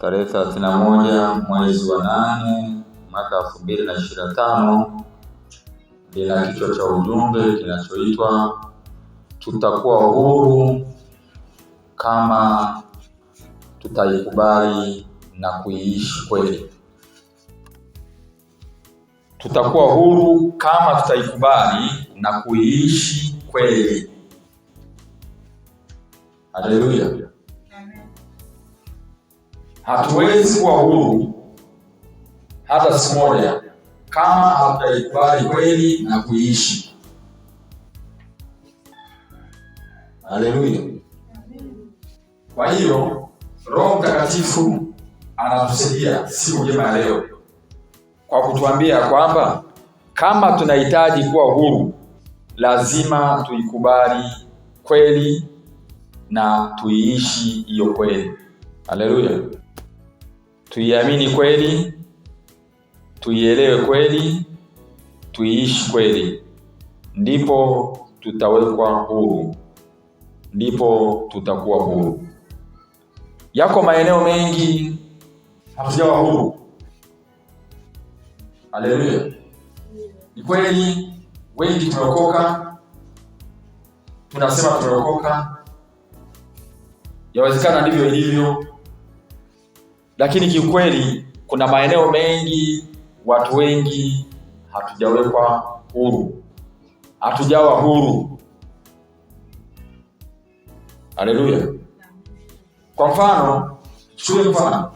tarehe 31 mwezi wa 8 mwaka 2025 lina kichwa cha ujumbe kinachoitwa tutakuwa huru kama tutaikubali na kuiishi kweli. Tutakuwa huru kama tutaikubali na kuiishi kweli. Haleluya! Hatuwezi kuwa huru hata siku moja kama hatujaikubali kweli na kuiishi. Haleluya! Kwa hiyo Roho Mtakatifu anatusaidia siku njema leo kwa kutuambia kwamba kama tunahitaji kuwa huru, lazima tuikubali kweli na tuiishi hiyo kweli. Haleluya! tuiamini kweli, tuielewe kweli, tuiishi kweli, ndipo tutawekwa huru, ndipo tutakuwa huru. Yako maeneo mengi hatujawa huru. Haleluya! Ni kweli, wengi tumeokoka, tunasema tumeokoka, yawezekana ndivyo ilivyo lakini kiukweli kuna maeneo mengi watu wengi hatujawekwa huru, hatujawa huru. Haleluya! Kwa mfano shule, mfano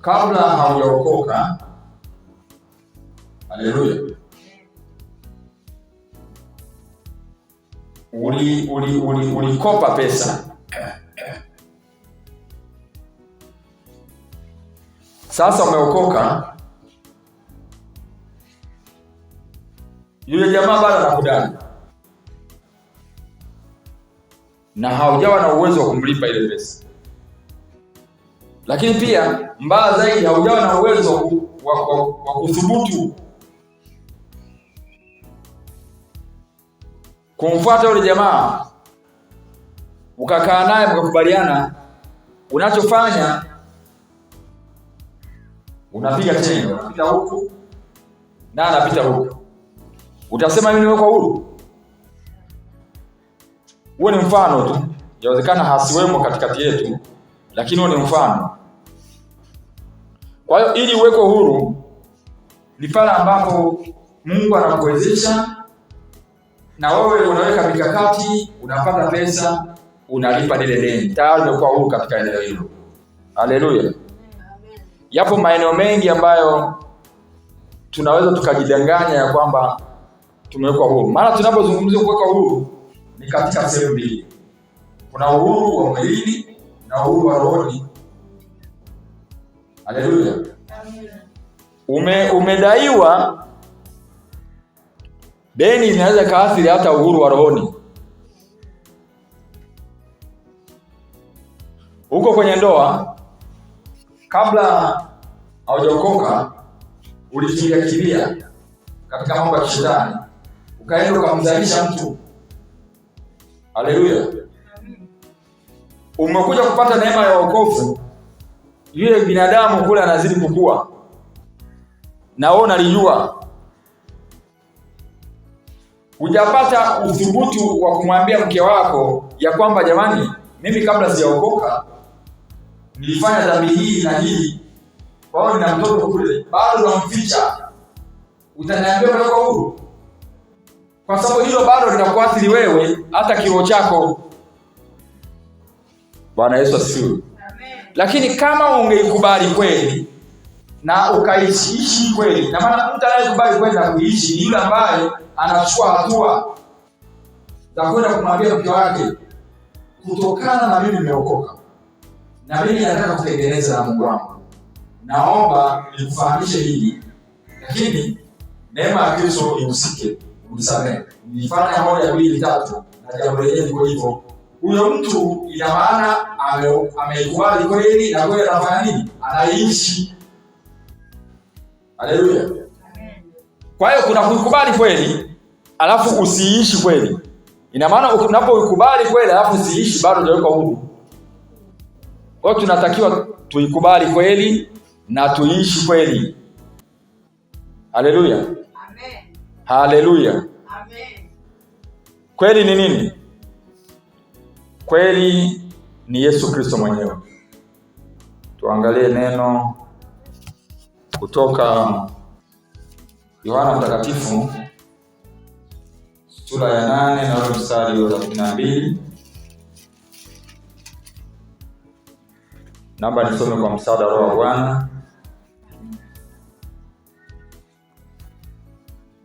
kabla haujaokoka, haleluya, ulikopa uli, uli, uli pesa Sasa umeokoka, yule jamaa bado anakudai na haujawa na uwezo wa kumlipa ile pesa, lakini pia mbaya zaidi, haujawa na uwezo wa kuthubutu kumfuata yule jamaa, ukakaa naye mkakubaliana unachofanya unapiga teni, unapita huku na anapita huku, utasema mimi nimewekwa huru? Huo ni mfano tu, yawezekana hasiwemo katikati yetu, lakini huo ni mfano. Kwa hiyo ili uwekwe huru ni pale ambapo Mungu anakuwezesha na wewe unaweka mikakati, unapata pesa, unalipa lile deni, tayari umekuwa huru katika eneo hilo. Haleluya! Yapo maeneo mengi ambayo tunaweza tukajidanganya ya kwamba tumewekwa huru. Maana tunapozungumzia kuwekwa huru ni katika sehemu mbili, kuna uhuru wa mwilini na uhuru wa rohoni. Haleluya! Ume, umedaiwa deni inaweza kaathiri hata uhuru wa rohoni. Huko kwenye ndoa kabla haujaokoka ulijiakilia katika mambo ya kishetani, ukaenda ukamzalisha mtu. Haleluya! Umekuja kupata neema ya wokovu, yule binadamu kule anazidi kukua, na wewe unalijua. Hujapata uthubutu wa kumwambia mke wako ya kwamba, jamani, mimi kabla sijaokoka nilifanya dhambi hii na hii, kwa hiyo nina mtoto kule, bado namficha, utaniambia kutoka huru? Kwa sababu hilo bado linakuathiri wewe, hata kiroho chako. Bwana Yesu asifiwe. Lakini kama ungeikubali kweli na ukaishi kweli, na maana mtu anayekubali kweli na kuishi ni yule ambaye anachukua hatua za kwenda kumwambia mke wake, kutokana na mimi nimeokoka na mimi nataka kutengeneza na Mungu wangu, naomba nikufahamishe hili, lakini neema ya Kristo ihusike unisamehe, nifanya moja mbili tatu, na jambo lenyewe liko hivyo. Huyo mtu ina maana ameikubali kweli, na kweli anafanya nini? Anaishi. Haleluya! Kwa hiyo kuna kuikubali kweli alafu usiishi kweli. Ina maana unapoikubali kweli alafu usiishi, bado hujawekwa huru kwa hiyo tunatakiwa tuikubali kweli na tuiishi kweli. Haleluya, amen. Haleluya, amen. Kweli ni nini? Kweli ni Yesu Kristo mwenyewe. Tuangalie neno kutoka Yohana Mtakatifu sura ya nane na ule mstari wa kumi na mbili. Naomba nisome kwa msaada wa wa Bwana.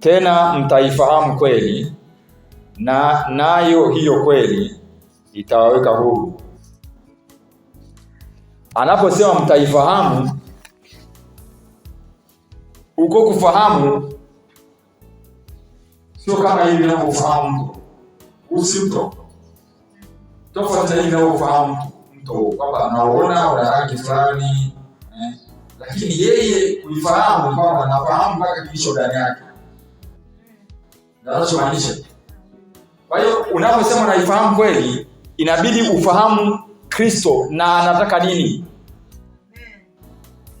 Tena mtaifahamu kweli, na nayo hiyo kweli itawaweka huru. Anaposema mtaifahamu, uko kufahamu sio kama hivi unavyofahamu usimto tofauti na hivi unavyofahamu kwamba anaona una rangi fulani eh, lakini yeye kulifahamu kwamba anafahamu mpaka kilicho ndani yake anachomaanisha. Kwa hiyo unaposema naifahamu kweli, inabidi ufahamu Kristo na anataka nini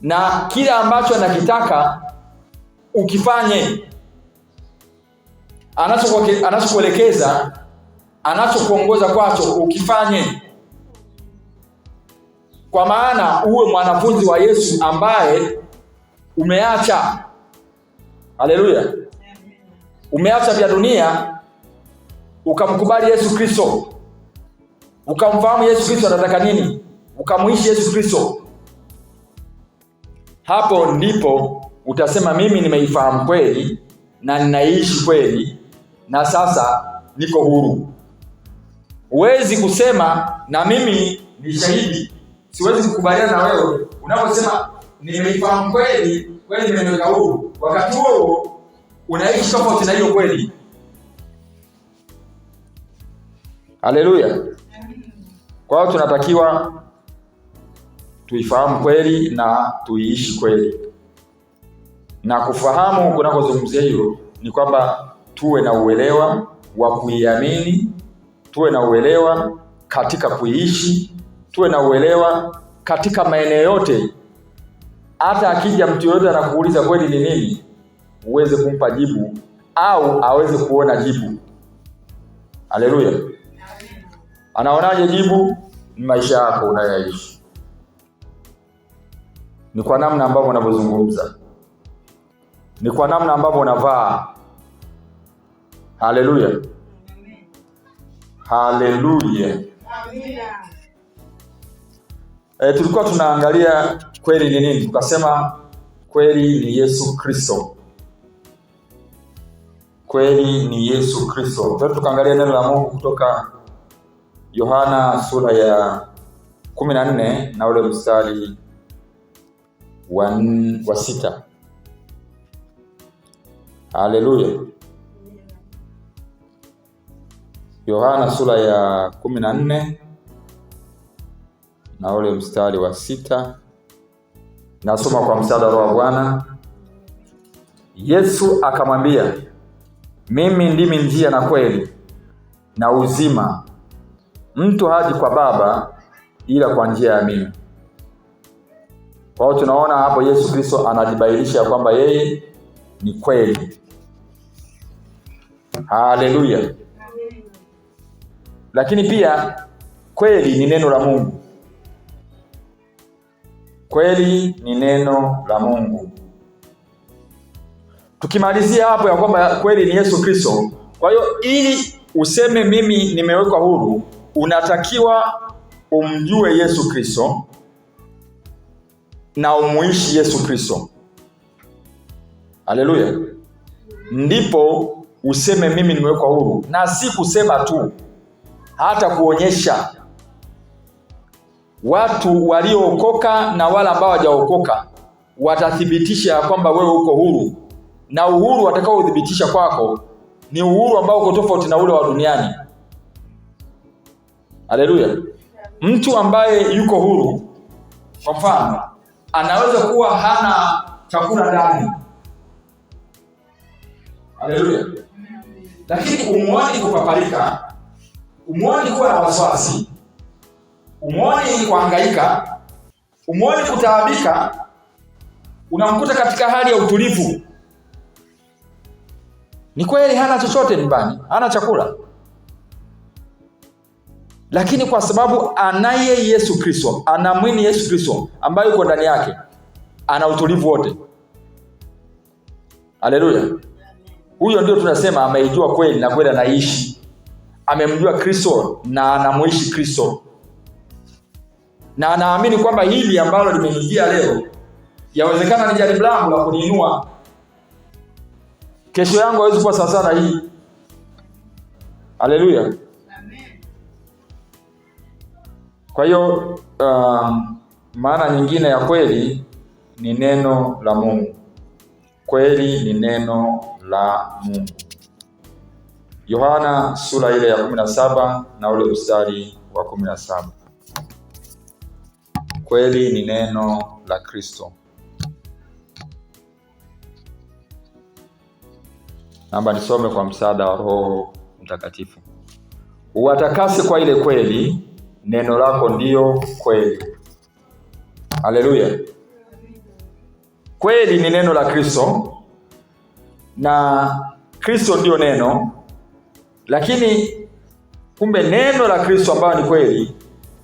na kile ambacho anakitaka ukifanye, anachokuelekeza, anachokuongoza kwacho ukifanye. Kwa maana uwe mwanafunzi wa Yesu ambaye umeacha, haleluya, umeacha vya dunia ukamkubali Yesu Kristo, ukamfahamu Yesu Kristo anataka nini, ukamwishi Yesu Kristo, hapo ndipo utasema mimi nimeifahamu kweli na ninaishi kweli, na sasa niko huru. Huwezi kusema na mimi ni shahidi siwezi kukubaliana na wewe unaposema nimeifahamu kweli kweli, nimeweka huru, wakati huo unaishi tofauti na hiyo kweli. Haleluya! Kwa hiyo tunatakiwa tuifahamu kweli na tuiishi kweli, na kufahamu kunakozungumzia hiyo ni kwamba tuwe na uelewa wa kuiamini, tuwe na uelewa katika kuiishi tuwe na uelewa katika maeneo yote. Hata akija mtu yoyote anakuuliza kweli ni nini, uweze kumpa jibu au aweze kuona jibu. Haleluya! Anaonaje jibu? Ni maisha yako unayoishi, ni kwa namna ambavyo unavyozungumza, ni kwa namna ambavyo unavaa. Haleluya, haleluya. E, tulikuwa tunaangalia kweli ni nini, tukasema kweli ni Yesu Kristo, kweli ni Yesu Kristo. Tena tukaangalia neno la Mungu kutoka Yohana sura ya kumi na nne na ule mstari wa, wa sita. Haleluya! Yohana sura ya kumi na nne na ule mstari wa sita. Nasoma kwa msaada wa Bwana. Yesu akamwambia, mimi ndimi njia na kweli na uzima, mtu haji kwa Baba ila kwa njia ya mimi. Kwa hiyo tunaona hapo Yesu Kristo anajibainisha kwamba yeye ni kweli. Haleluya! Lakini pia kweli ni neno la Mungu Kweli ni neno la Mungu. Tukimalizia hapo ya kwamba kweli ni Yesu Kristo. Kwa hiyo ili useme mimi nimewekwa huru, unatakiwa umjue Yesu Kristo na umuishi Yesu Kristo. Haleluya! Ndipo useme mimi nimewekwa huru, na si kusema tu, hata kuonyesha watu waliookoka na wale ambao hawajaokoka watathibitisha kwamba wewe uko huru, na uhuru watakaouthibitisha kwako ni uhuru ambao uko tofauti na ule wa duniani. Haleluya! Mtu ambaye yuko huru, kwa mfano, anaweza kuwa hana chakula ndani. Haleluya! Lakini umwani kupaparika, umwani kuwa na wasiwasi Umwoni ni kuhangaika, umwoni kutaabika, unamkuta katika hali ya utulivu. Ni kweli hana chochote nyumbani, hana chakula, lakini kwa sababu anaye Yesu Kristo, anamwini Yesu Kristo ambaye yuko ndani yake, ana utulivu wote. Haleluya! Huyo ndio tunasema ameijua kweli na kweli anaishi, amemjua Kristo na anamuishi Kristo na naamini kwamba hili ambalo limenijia leo yawezekana ni jaribu langu la kuniinua. Kesho yangu hawezi kuwa sawasawa na hii. Haleluya! Kwa hiyo uh, maana nyingine ya kweli ni neno la Mungu. Kweli ni neno la Mungu. Yohana sura ile ya 17 na ule mstari wa 17 kweli ni neno la Kristo. Naomba nisome kwa msaada wa Roho Mtakatifu. Uwatakase kwa ile kweli, neno lako ndiyo kweli. Haleluya! Kweli ni neno la Kristo na Kristo ndiyo neno, lakini kumbe neno la Kristo ambayo ni kweli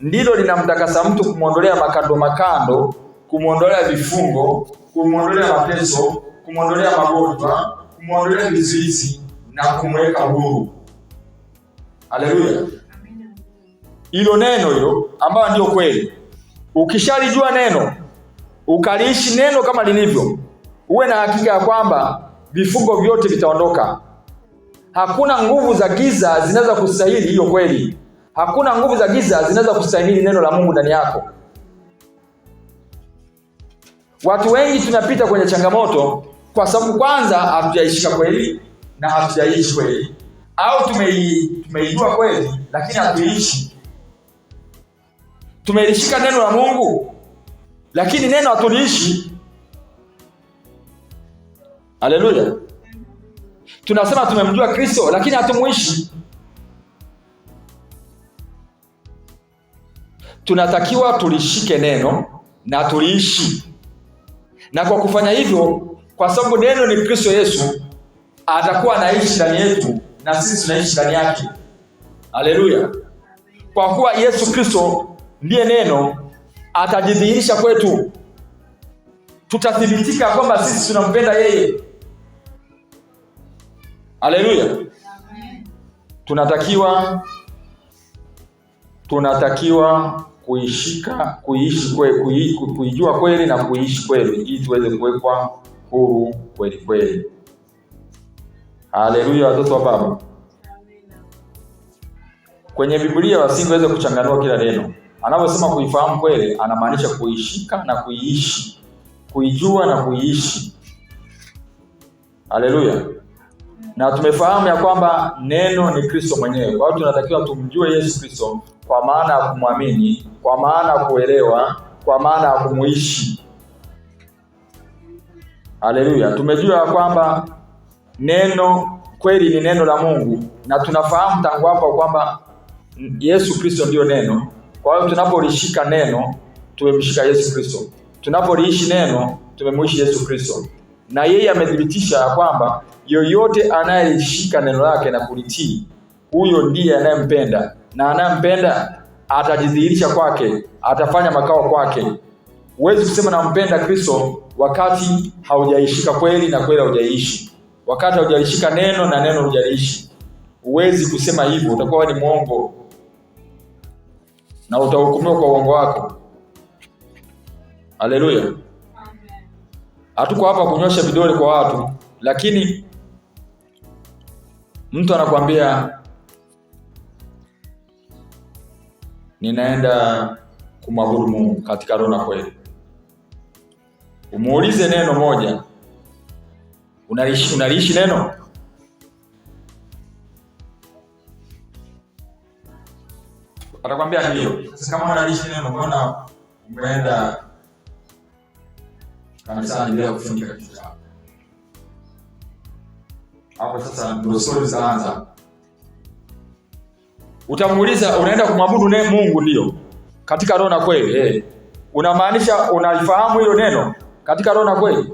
ndilo linamtakasa mtu kumwondolea makando makando, kumwondolea vifungo, kumwondolea mateso, kumwondolea magonjwa, kumwondolea vizuizi na kumweka huru. Haleluya! Hilo neno hilo ambayo ndiyo kweli, ukishalijua neno ukaliishi neno kama lilivyo, uwe na hakika ya kwamba vifungo vyote vitaondoka. Hakuna nguvu za giza zinaweza kustahili hiyo kweli. Hakuna nguvu za giza zinaweza kustahimili neno la Mungu ndani yako. Watu wengi tunapita kwenye changamoto kwa sababu kwanza hatujaishika kweli na hatujaishi kweli, au tumeijua kweli lakini hatuishi. Tumelishika neno la Mungu lakini neno hatuliishi. Haleluya! Tunasema tumemjua Kristo lakini hatumuishi. tunatakiwa tulishike neno na tuliishi, na kwa kufanya hivyo, kwa sababu neno ni Kristo Yesu, atakuwa anaishi ndani yetu na sisi tunaishi ndani yake. Haleluya! Kwa kuwa Yesu Kristo ndiye neno, atajidhihirisha kwetu, tutathibitika kwamba sisi tunampenda yeye. Haleluya! tunatakiwa tunatakiwa kuishika kuishi kwe, kuijua kweli na kuishi kweli, ili tuweze kuwekwa huru kweli kweli. Haleluya, watoto wa Baba. Kwenye Biblia wasingeweza kuchanganua kila neno. Anaposema kuifahamu kweli, anamaanisha kuishika na kuiishi, kuijua na kuiishi. Haleluya na tumefahamu ya kwamba neno ni Kristo mwenyewe. Kwa hiyo tunatakiwa tumjue Yesu Kristo kwa maana ya kumwamini, kwa maana ya kuelewa, kwa maana ya kumuishi. Haleluya! Tumejua ya kwamba neno kweli ni neno la Mungu, na tunafahamu tangu hapo kwamba Yesu Kristo ndiyo neno. Kwa hiyo tunapolishika neno tumemshika Yesu Kristo, tunapoliishi neno tumemuishi Yesu Kristo, na yeye amethibitisha ya kwamba yoyote anayeshika neno lake na kulitii, huyo ndiye anayempenda, na anayempenda atajidhihirisha kwake, atafanya makao kwake. Huwezi kusema nampenda Kristo wakati haujaishika kweli, na kweli haujaishi, wakati haujaishika neno na neno hujaliishi. Huwezi kusema hivyo, utakuwa ni mwongo na utahukumiwa kwa uongo wako. Haleluya! Hatuko hapa kunyosha vidole kwa watu, lakini mtu anakwambia ninaenda kumwabudu Mungu katika roho na kweli, umuulize neno moja, unaliishi unaliishi neno atakwambia hiyo. Sasa kama analishi neno, mbona umeenda kanisani bila kufunika kichwa chako? Hapo sasa ndio stori zaanza. Utamuuliza, unaenda kumwabudu naye Mungu ndio katika roho na kweli eh? Unamaanisha unalifahamu hilo neno katika roho na kweli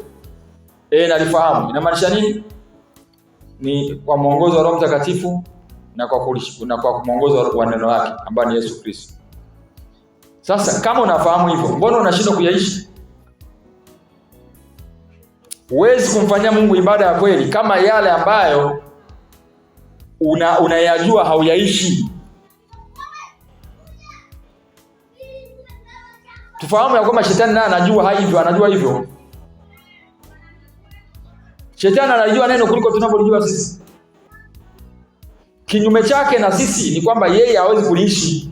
eh? Nalifahamu inamaanisha nini? Ni kwa mwongozo wa Roho Mtakatifu na kwa kulishi, na kwa mwongozo wa neno lake ambaye ni Yesu Kristo. Sasa kama unafahamu hivyo, mbona unashindwa kuyaishi? Huwezi kumfanyia Mungu ibada ya kweli kama yale ambayo una unayajua hauyaishi. Tufahamu ya kwamba shetani naye anajua hivyo, anajua hivyo. Shetani anajua neno kuliko tunavyolijua sisi. Kinyume chake na sisi ni kwamba yeye hawezi kuliishi.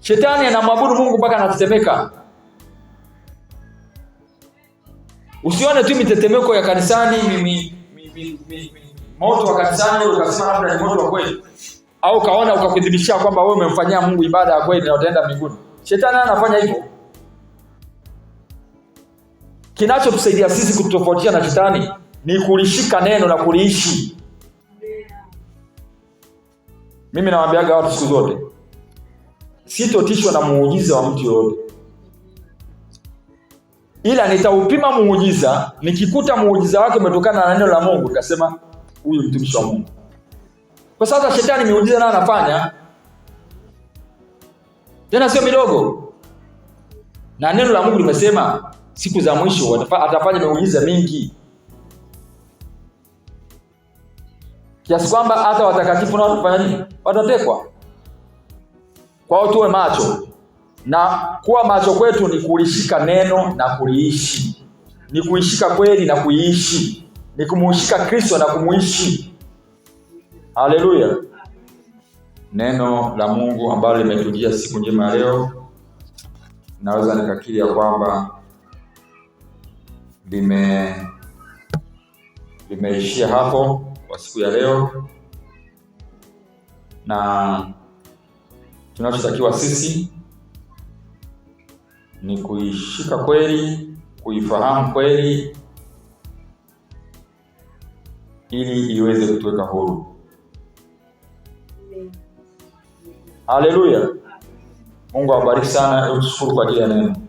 Shetani anamwabudu Mungu mpaka anatetemeka. Usione tu mitetemeko ya kanisani mi, mi, mi, mi, mi, moto wa kanisani ukasema labda ni moto wa kweli, au kaona ukakudhibishia kwamba wewe umemfanyia Mungu ibada ya kweli na utaenda mbinguni. Shetani anafanya hivyo. Kinachotusaidia sisi kutofautisha na shetani ni kulishika neno na kuliishi. Mimi nawaambiaga watu siku zote, sitotishwa na muujiza wa mtu yoyote ila nitaupima muujiza, nikikuta muujiza wake umetokana na neno la Mungu nikasema huyu mtumishi wa Mungu. Kwa sasa shetani miujiza nayo anafanya tena, sio midogo, na neno la Mungu limesema siku za mwisho atafanya miujiza mingi kiasi kwamba hata watakatifu nao watafanya nini? Watatekwa. Kwao tuwe macho na kuwa macho kwetu ni kulishika neno na kuliishi, ni kuishika kweli na kuiishi, ni kumuishika Kristo na kumuishi. Haleluya! Neno la Mungu ambalo limetujia siku njema ya leo, naweza nikakiri ya kwamba lime limeishia hapo kwa siku ya leo, na tunachotakiwa sisi ni kuishika kweli, kuifahamu kweli, ili iweze kutuweka huru. Haleluya! Mungu awabariki sana, utushukuru kwa ajili ya neno.